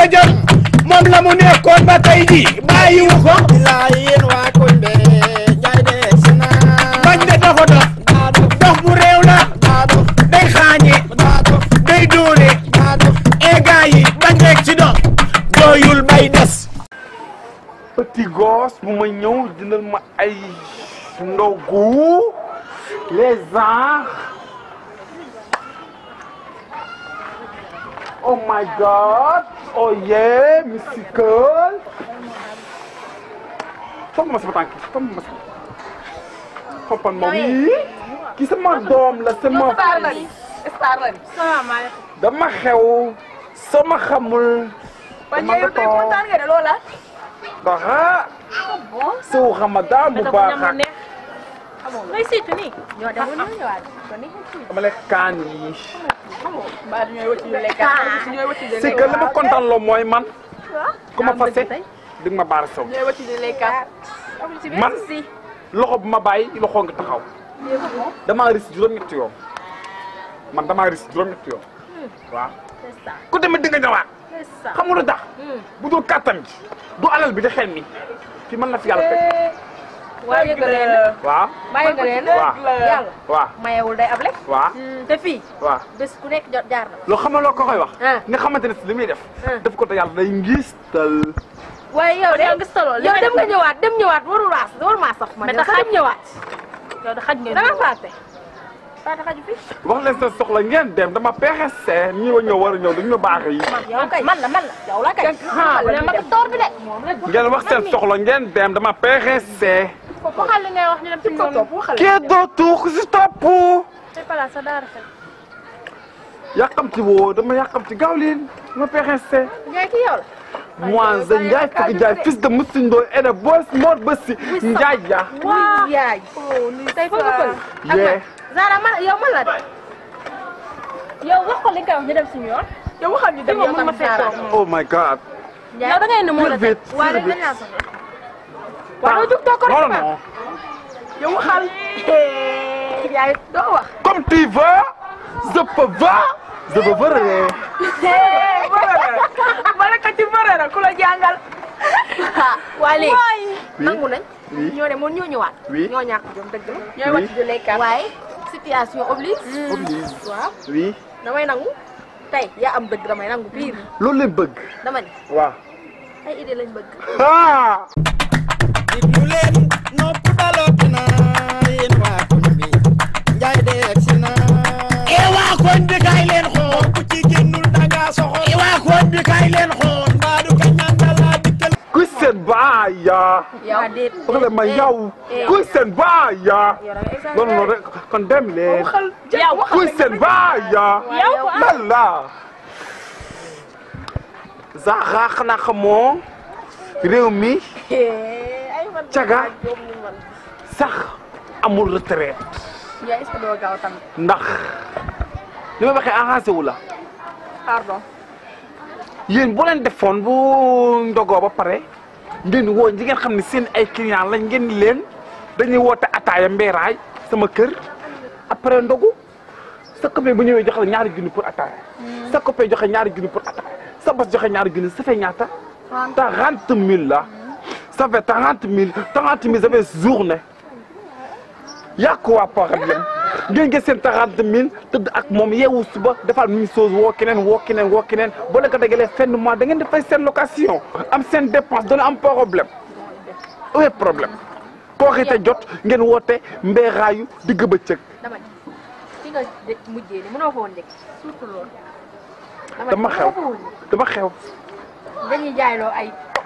la jot moom la mu nekkoon ba tey ji bàyyi wu ko. waa koñ be njaay de sena. bañ de dafa dox. dox dox bu la. daa dox day xaañe. daa dox day dóore. daa dox gaa yi bañ rek dox. doyul bay des. petit gosse bu ma ñëw dindal ma ay ndogu les gens. Oh my God. Oh yeah, musical. Topp ma sama tànk topp ma sama toppal ma wii. kii sama doom la sama. dama xew. sama xamul. dama ko toog ba loola. Ramadan bu baax Noi siete ni. Yo ada bunyi yo ada. Koni hati. Melekan lomoy Xamoo ba ñoy wëcc C'est que lama kontaan lo mooy man. Kuma fasé. Dig ma baar saw. Ñoy Man loxo bu ma bàyyi loxo nga iya, taxaw. Dama ris juróom ñett yoon. Man dama ris juróom ñett yoon. Waaw. Ku demit di nga ñëwaat. Xam nga lu tax. Bu dul kàttan gi. Du alal bi di xel man la fi yàlla fekk. Eh waaye yëg wah. waaw mbaa wah. leen wah. waaw mayewul day wah. waaw wah. fii waaw bés ku nekk jot jaar na loo xamal loo ko koy wax nga xamante ne li muy def wah ko te yàlla day ngistal waaye yow de yow dem nga ñëwaat dem ñëwaat waru raas waru maa sax man yow dem ñëwaat yow de xaj nga danga fàtte fàtte Wah, fi wax leen dem dama pexe see ñi wa ñëw war a ñëw dañu ma baax yi yow kay man la man la yow la dem dama pexe see waxal li ngay wax ñu dem si noonu. kee doo tuux si topp. tey voilà sa daara xel. yàqamti woo dama yàqamti gaaw leen ma pexe. Ndiaye ki yow la. moi je Ndiaye Fodé Ndiaye fils de Moussa Ndoye et de Boss Mor Bessi Ndiaye ya. waaw Ndiaye. tey foofu la ko. yee Zara man yow man la de. yow wax ko li nga wax ñu dem suñu yoon. yow waxal ñu dem yow tamit Zara. oh my God. Ndiaye yow da ngay ne moo la de waaye dañu la soxla. waaw loolu non. yow waxal. yaay doo wax. comme tu veux. je peux ku la jàngal. waa nangu nañ. ñoo ne moom ñoo ñëwaat. ñoo ñàkk jom dëgg la. ñooy wàcc mm. damay nangu tey yaa am dëgg damay nangu biir. loolu lañ bëgg. dama ne ay idée lañ yaa soxla ma yaw kuy seen baa yaa eh, eh, eh. non non rek kon dem leen kuy seen baa yaa lalla zaxaax na xamoo réew mi caga sax amul retraite ndax li ma waxee arrangé wu la pardon yeen bu len defone bu ndogo ba pare ngeen wo ñi ngeen xamni seen ay client lañ ngeen leen dañuy wota ataya mbéray sama kër après ndogu sa copain bu ñëwé joxal la ñaari junni pour ataya hmm. sa copain joxe ñaari junni pour ataya sa bos joxe ñaari junni sa fay ñaata trente la ça fait 30 000 30 000 ça fait journée yàqu waa Porokhane 30 000 ak moom yeewu suba defal même chose des walking and de mois de di fay location am sen dépense dana am problème où est problème jot suis Je nga ni surtout suis dama xew dama xew.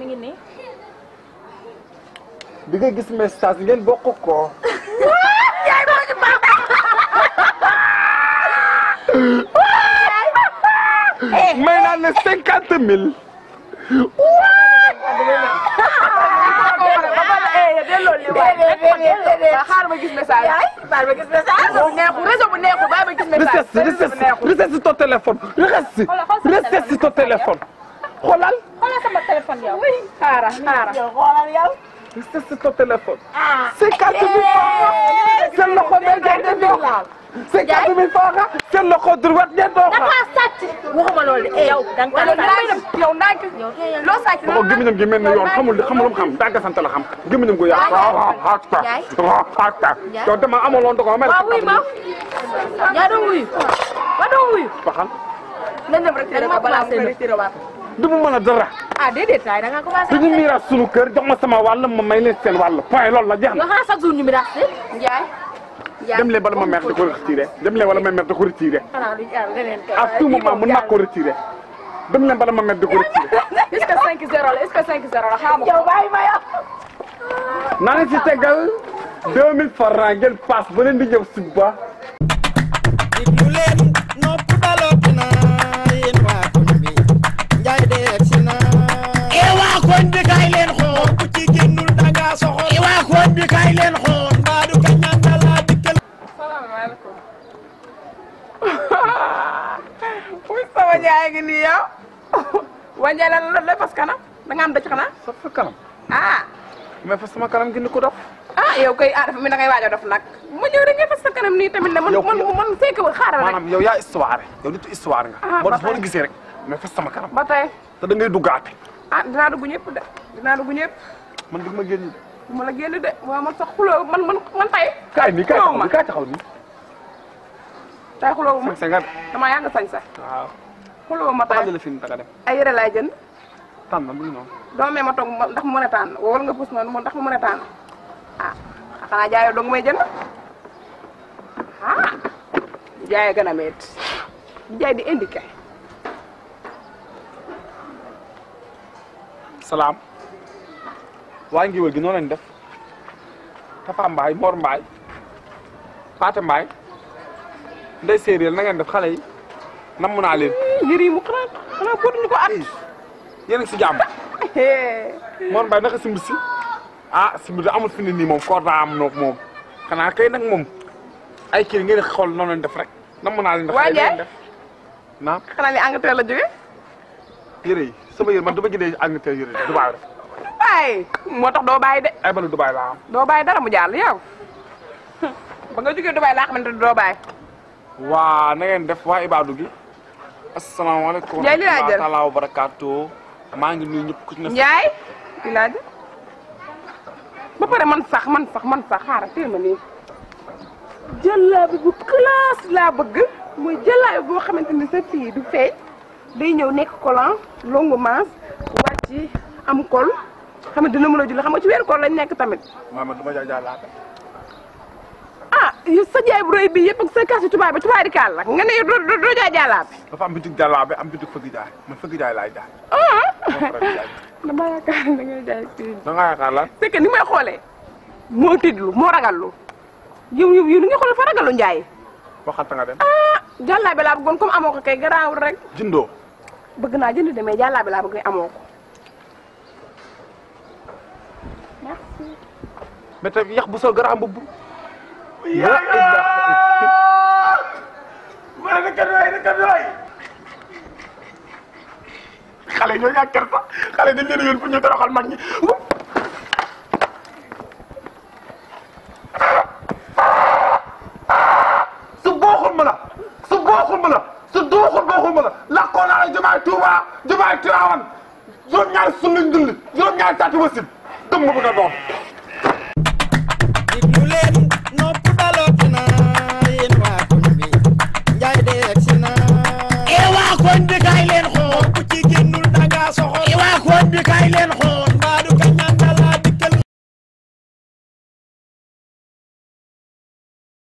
mi ngi nii. di nga gis message ngeen bokk ko. yaay moo ñu baax. may naa ne cinquante mille. xaar ma gis message. xaar ma gis bu neexul réseau téléphone. réseau si ton téléphone. xaaral xaaral yow xoolal yow. sa sa téléphone. ah c'est carte bi faaxa. seen loxo day ngeen di dooxa. c'est carte bi faaxa. seen loxo droite ngeen dooxa. dafa sàcc. waxuma loolu de yow. da nga ko sàcc yow ndànk. loo sàcc la gémmiñam gi mel ne yoon xamul xamul xam ndànk sant la xam. gémmiñam gu yàqu. jaay jaay yow dama amaloon dogo ma. waaw wuyu ma yaa doon wuyu. wa doon wuyu. waxal. nañ dem rek du mu mën a dara. ah déedéet ñu miiraas sunu kër jox ma sama wàll ma may leen seen wàll point loolu la jeex na. yoo xam ne chaque jour ñu miiraas si leen bala ma mer di ko retiré dem leen wala ma mer di ko retiré. xanaa lu jaar leneen kay. à tout moment mën naa ko retiré. dem leen bala ma mer ko retiré. est-ce que 5-0 la est-ce que 5-0 naa leen si tegal 2000 francs ngeen paas ba leen di ñëw suba. déglu leen Ah. sama Ndiaye ngi yow. waa Ndiaye lan fas kanam da nga am dëcc xanaa. sa fa kanam. ah. mais fas sama kanam gi ni ko dof. Ya, ah yow kay ah dafa da ngay waaj dof nag. ma ñëw rek nga fas sa kanam nii tamit ne man man man seeg xaaral rek. maanaam yow yaa histoire yow nitu histoire nga. ah ba tey gisee rek mais fas sama kanam. ba tey te da ngay duggaate. ah dinaa dugg ñëpp de dinaa dugg ñëpp. man dugg ma génn. la génn de waaw man sax xuloo man man man tey. kaay nii kaay taxaw nii taxaw nii. tey xuloo ma. sañ nga de damaa sañ-sañ. waaw xuloo ma tax a jël film tax a dem ay yére laay jënd tànn ah, dong may jënd ah jaayee gën a métti jaay di indiqué salaam waa ngiwal gi noonu lañ def Papa Mbaay Mor Mbaay Paate Mbaay Ndey serial na ngeen def xale yi namm naa leen yërimu xanaa xanaa bootuñu ko at. yéen a ngi si jàmm. Mor Mbaye naka simb si. ah simb da amul fi ne nii moom koor daa am noog moom xanaa kay nag moom ay kii ngeen xool noonu lañ def rek. namm naa leen def waaye ngeen def naam. xanaa li Angleterre la jógee. yére yi sama yére man dama jëndee Angleterre yére yi Dubaay rek. ay moo tax doo bàyyi de. ay bala Dubaay laa am. doo bàyyi dara mu jàll yow. ba nga jógee Dubaay laa xamante ne doo bàyyi. na ngeen def waa Ibadou gi. asalaamaaleykum Ndiaye li laa jël taala ngi nuyu ñëpp ba pare man sax man sax man sax xaaral téye ma nii jëllaabi bu classe laa bëgg mooy jëllaabi boo xamante ni sa fii du feeñ day ñëw nekk collant longue manche wàcc am col xam nga dina mën a julli xam nga ci weeru koor lañ nekk tamit. maama du ma sa jaay bu rëy bi yëpp ak sa kaas tubaab bi tubaab di kaal la nga ne doo jaay jaalaabe dafa am bitig jaalaabe am bitig fëgg jaay man fëgg apa? laay jaay ah dama apa da ngay jaay fii da nga yaakaar lan c'est que ni may xoolee moo tiidlu moo ragallu yow yow yow ni nga fa ragallu njaay waxata nga dem ah jaalaabe laa bëggoon comme amoo ko kay garaawul rek jëndoo bëgg naa jënd de mais jaalaabe laa bëgg amoo ko mais tey yàq bu sol garaam boobu yaa yaa ma ne dëkk bi waay dëkk bi waay xale ñoo ñàkk kersa xale dañ leen yoon fu ñu toroxal mag ñi su booxul ma la su booxul ma la su duuxul booxul ma la lakkoo naa la jumaay Tuuba jumaay Tiwaawan juróom-ñaari sunnuñ dulli juróom-ñaari taati wasin dëmm bu nga doon